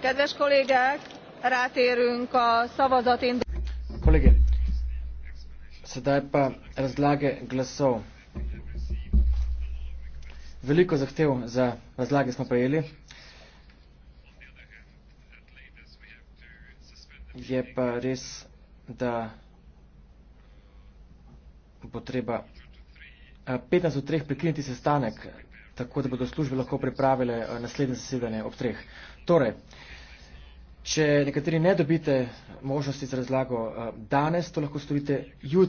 kedves kollégák, rátérünk a szavazatindulásra. Kollégé, sedaj pa razlage glasov. Veliko zahtev za razlage smo prejeli. Je pa res, da bo treba 15 eh, v 3 prekiniti sestanek tako da bodo službe lahko pripravile eh, naslednje zasedanje ob treh. Torej, če nekateri ne dobite možnosti za razlago eh, danes, to lahko storite jutri.